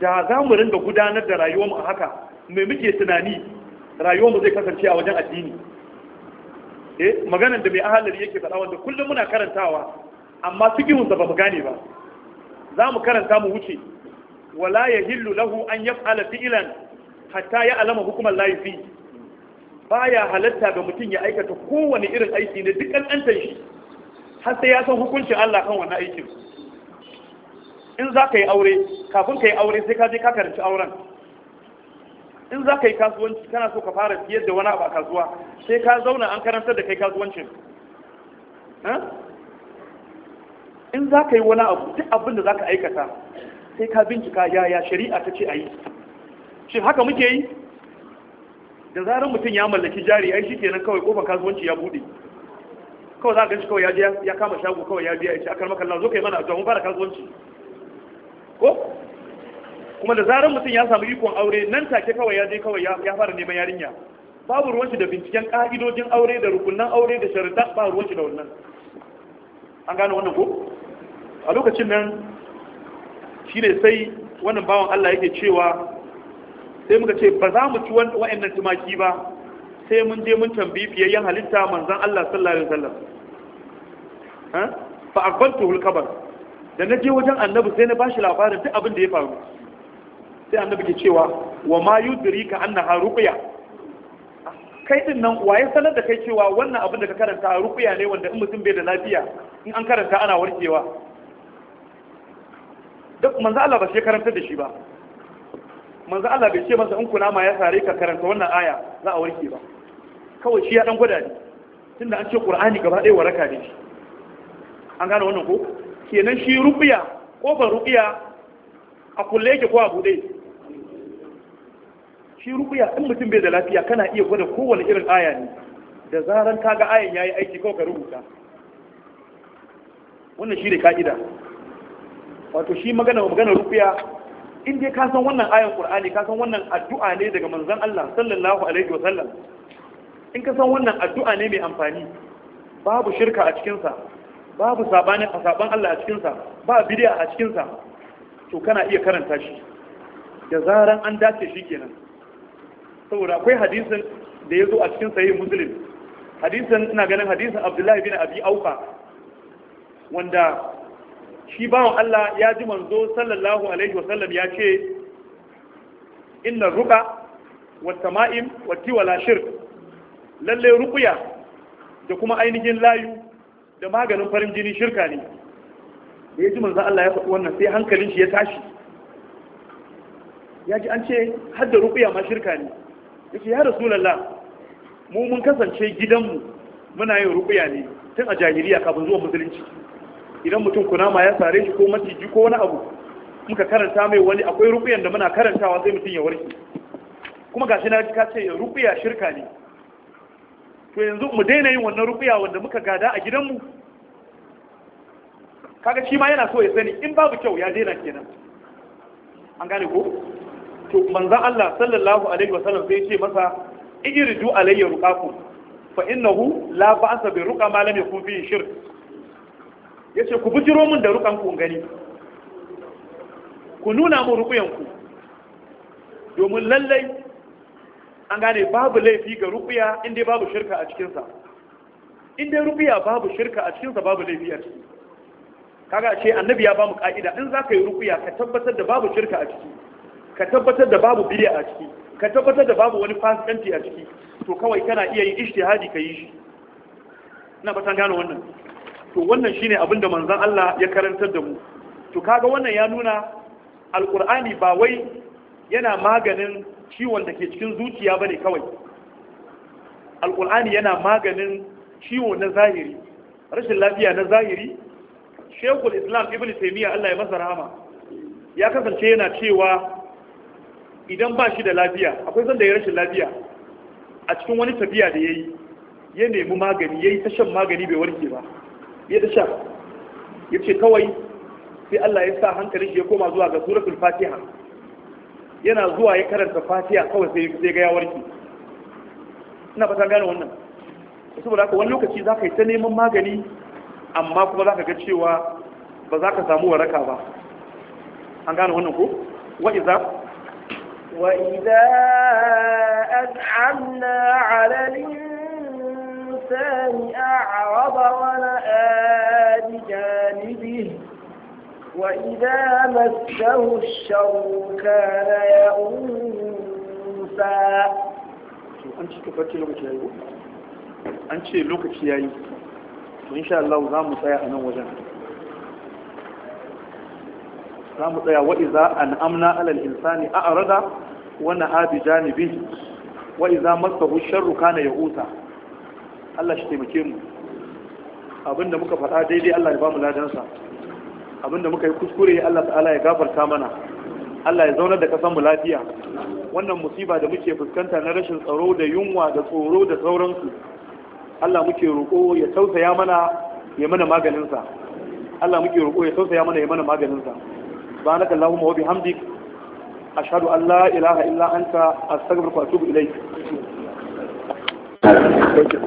da za mu rinda gudanar da rayuwarmu a haka mai muke tunani rayuwarmu zai kasance a wajen addini eh maganar da mai ahalari yake faɗa wanda kullum muna karantawa amma fikihunsa ba mu gane ba za mu karanta mu wuce wala ya hillu lahu an fa'ala fi'lan hatta ya alama hukumar laifi baya halatta ga mutum ya aikata kowane irin aiki ne duk ƙanƙantar shi har sai ya san hukuncin Allah kan wannan aikin in za ka yi aure kafin ka yi aure sai ka je ka karanci auren in za ka yi kasuwanci kana so ka fara siyar da wani abu a kasuwa sai ka zauna an karantar da kai kasuwancin in za ka yi wani abu duk abin da za ka aikata sai ka bincika yaya shari'a ta ce a yi shi haka muke yi da zarar mutum ya mallaki jari ai shikenan kawai kofar kasuwanci ya bude kawai za a ganci kawai ya ya kama shago kawai ya biya ya ce akar makalla zo kai mana zuwa mun fara kasuwanci ko kuma da zarar mutum ya samu ikon aure nan take kawai ya je kawai ya fara neman yarinya babu ruwanci da binciken ƙa'idojin aure da rukunan aure da sharuɗa ba ruwanci da wannan an gane wannan ko a lokacin nan shi ne sai wannan bawan Allah yake cewa sai muka ce ba za mu ci wa'annan tumaki ba sai mun je mun tambayi fiyayyen halitta manzan Allah sallallahu alaihi wasallam fa akbaltu hulkabar da na je wajen annabi sai na bashi labarin duk abin da ya faru sai annabi ke cewa wa ma yudrika annaha ruqya kai din nan waye sanar da kai cewa wannan abin da ka karanta ruqya ne wanda in mutum bai da lafiya in an karanta ana warkewa duk manzo Allah ba shi karanta da shi ba manzo Allah bai ce masa in kunama ya sare ka karanta wannan aya za a warke ba kawai shi ya dan gwada ne tunda an ce Qur'ani gaba ɗaya waraka ne shi an gane wannan ko kenan shi ruqiya kofar ruqiya a kulle yake ko a bude shi ruqiya in mutum bai da lafiya kana iya gwada kowane irin aya ne da zaran kaga ayan yayi aiki kawai ka rubuta wannan shi ne ka'ida wato shi magana magana rufiya in dai ka san wannan ayan qur'ani ka san wannan addu'a ne daga manzon Allah sallallahu alaihi wasallam in ka san wannan addu'a ne mai amfani babu shirka a cikin sa babu sabani a saban Allah a cikin sa ba bid'a a cikin sa to kana iya karanta shi da zaran an dace shi kenan saboda akwai hadisin da zo a cikin sahih muslim hadisin ina ganin hadisin Abdullahi bin Abi auka wanda shi bawan Allah ya ji manzo sallallahu alaihi wasallam ya ce inna ruka wa tama'im wa tiwala shirk lalle ruqya da kuma ainihin layu da maganin farin jini shirka ne da ya ji manzo Allah ya faɗi wannan sai hankalin shi ya tashi ya ji an ce har da ruqya ma shirka ne yace ya rasulullah mu mun kasance gidanmu muna yin ruqya ne tun a jahiliya kafin zuwa musulunci idan mutum kunama ya sare shi ko maciji ko wani abu muka karanta mai wani akwai rukuyan da muna karantawa sai mutum ya warke kuma shi na ka ce rukuya shirka ne to yanzu mu daina yin wannan rukuya wanda muka gada a gidanmu kaga shi ma yana so ya sani in babu kyau ya daina kenan an gane ko to manzon Allah sallallahu alaihi wasallam sai ce masa ijridu alayya ruqakum fa innahu la ba'sa bi ruka malamin lam yakun fihi shirk ya ce ku bujiro mun da rukanku gani ku nuna mu rukuyanku domin lallai an gane babu laifi ga rukuya inda babu shirka a cikinsa inda rukuya babu shirka a cikinsa babu laifi a ciki kaga ce annabi ya bamu ka'ida in za ka yi rukuya ka tabbatar da babu shirka a ciki ka tabbatar da babu biya a ciki ka tabbatar da babu wani fasikanci a ciki to kawai kana iya yin ishtihadi ka yi shi ina fatan gano wannan to wannan shine abin da manzon Allah ya karantar da mu to kaga wannan ya nuna alqur'ani ba wai yana maganin ciwon da ke cikin zuciya bane kawai alqur'ani yana maganin ciwo na zahiri rashin lafiya na zahiri shekul islam ibn taymiya Allah ya masa rahama ya kasance yana cewa idan ba shi da lafiya akwai da ya rashin lafiya a cikin wani tafiya da yayi ya nemi magani yayi ta shan magani bai warke ba ya da sha ya ce kawai sai Allah ya sa hankali shi ya koma zuwa ga suratul fatiha yana zuwa ya karanta fatiha kawai sai sai ga ya warke ina fata gane wannan saboda haka wani lokaci zaka yi ta neman magani amma kuma zaka ga cewa ba za ka samu waraka ba an gane wannan ko wa iza wa idza an'amna 'ala الإنسان أعرض ونأى بجانبه وإذا مسه الشر كان يئوسا an ci tafarki lokaci ya yi an ce lokaci ya yi to insha Allah za mu tsaya a nan wajen za mu tsaya wa'iza an amna alal insani a arada wani abi janibi wa'iza masahu sharru kana ya uta Allah shi taimake mu abinda muka faɗa daidai Allah ya ba mu ladansa abinda muka yi kuskure Allah ta'ala ya gafarta mana Allah ya zaunar da kasan mu lafiya wannan musiba da muke fuskanta na rashin tsaro da yunwa da tsoro da sauransu Allah muke roƙo ya tausaya mana ya mana maganinsa. sa Allah muke roƙo ya tausaya mana ya mana maganin subhanaka allahumma wa bihamdik ashhadu an la ilaha illa anta astaghfiruka wa atubu ilayk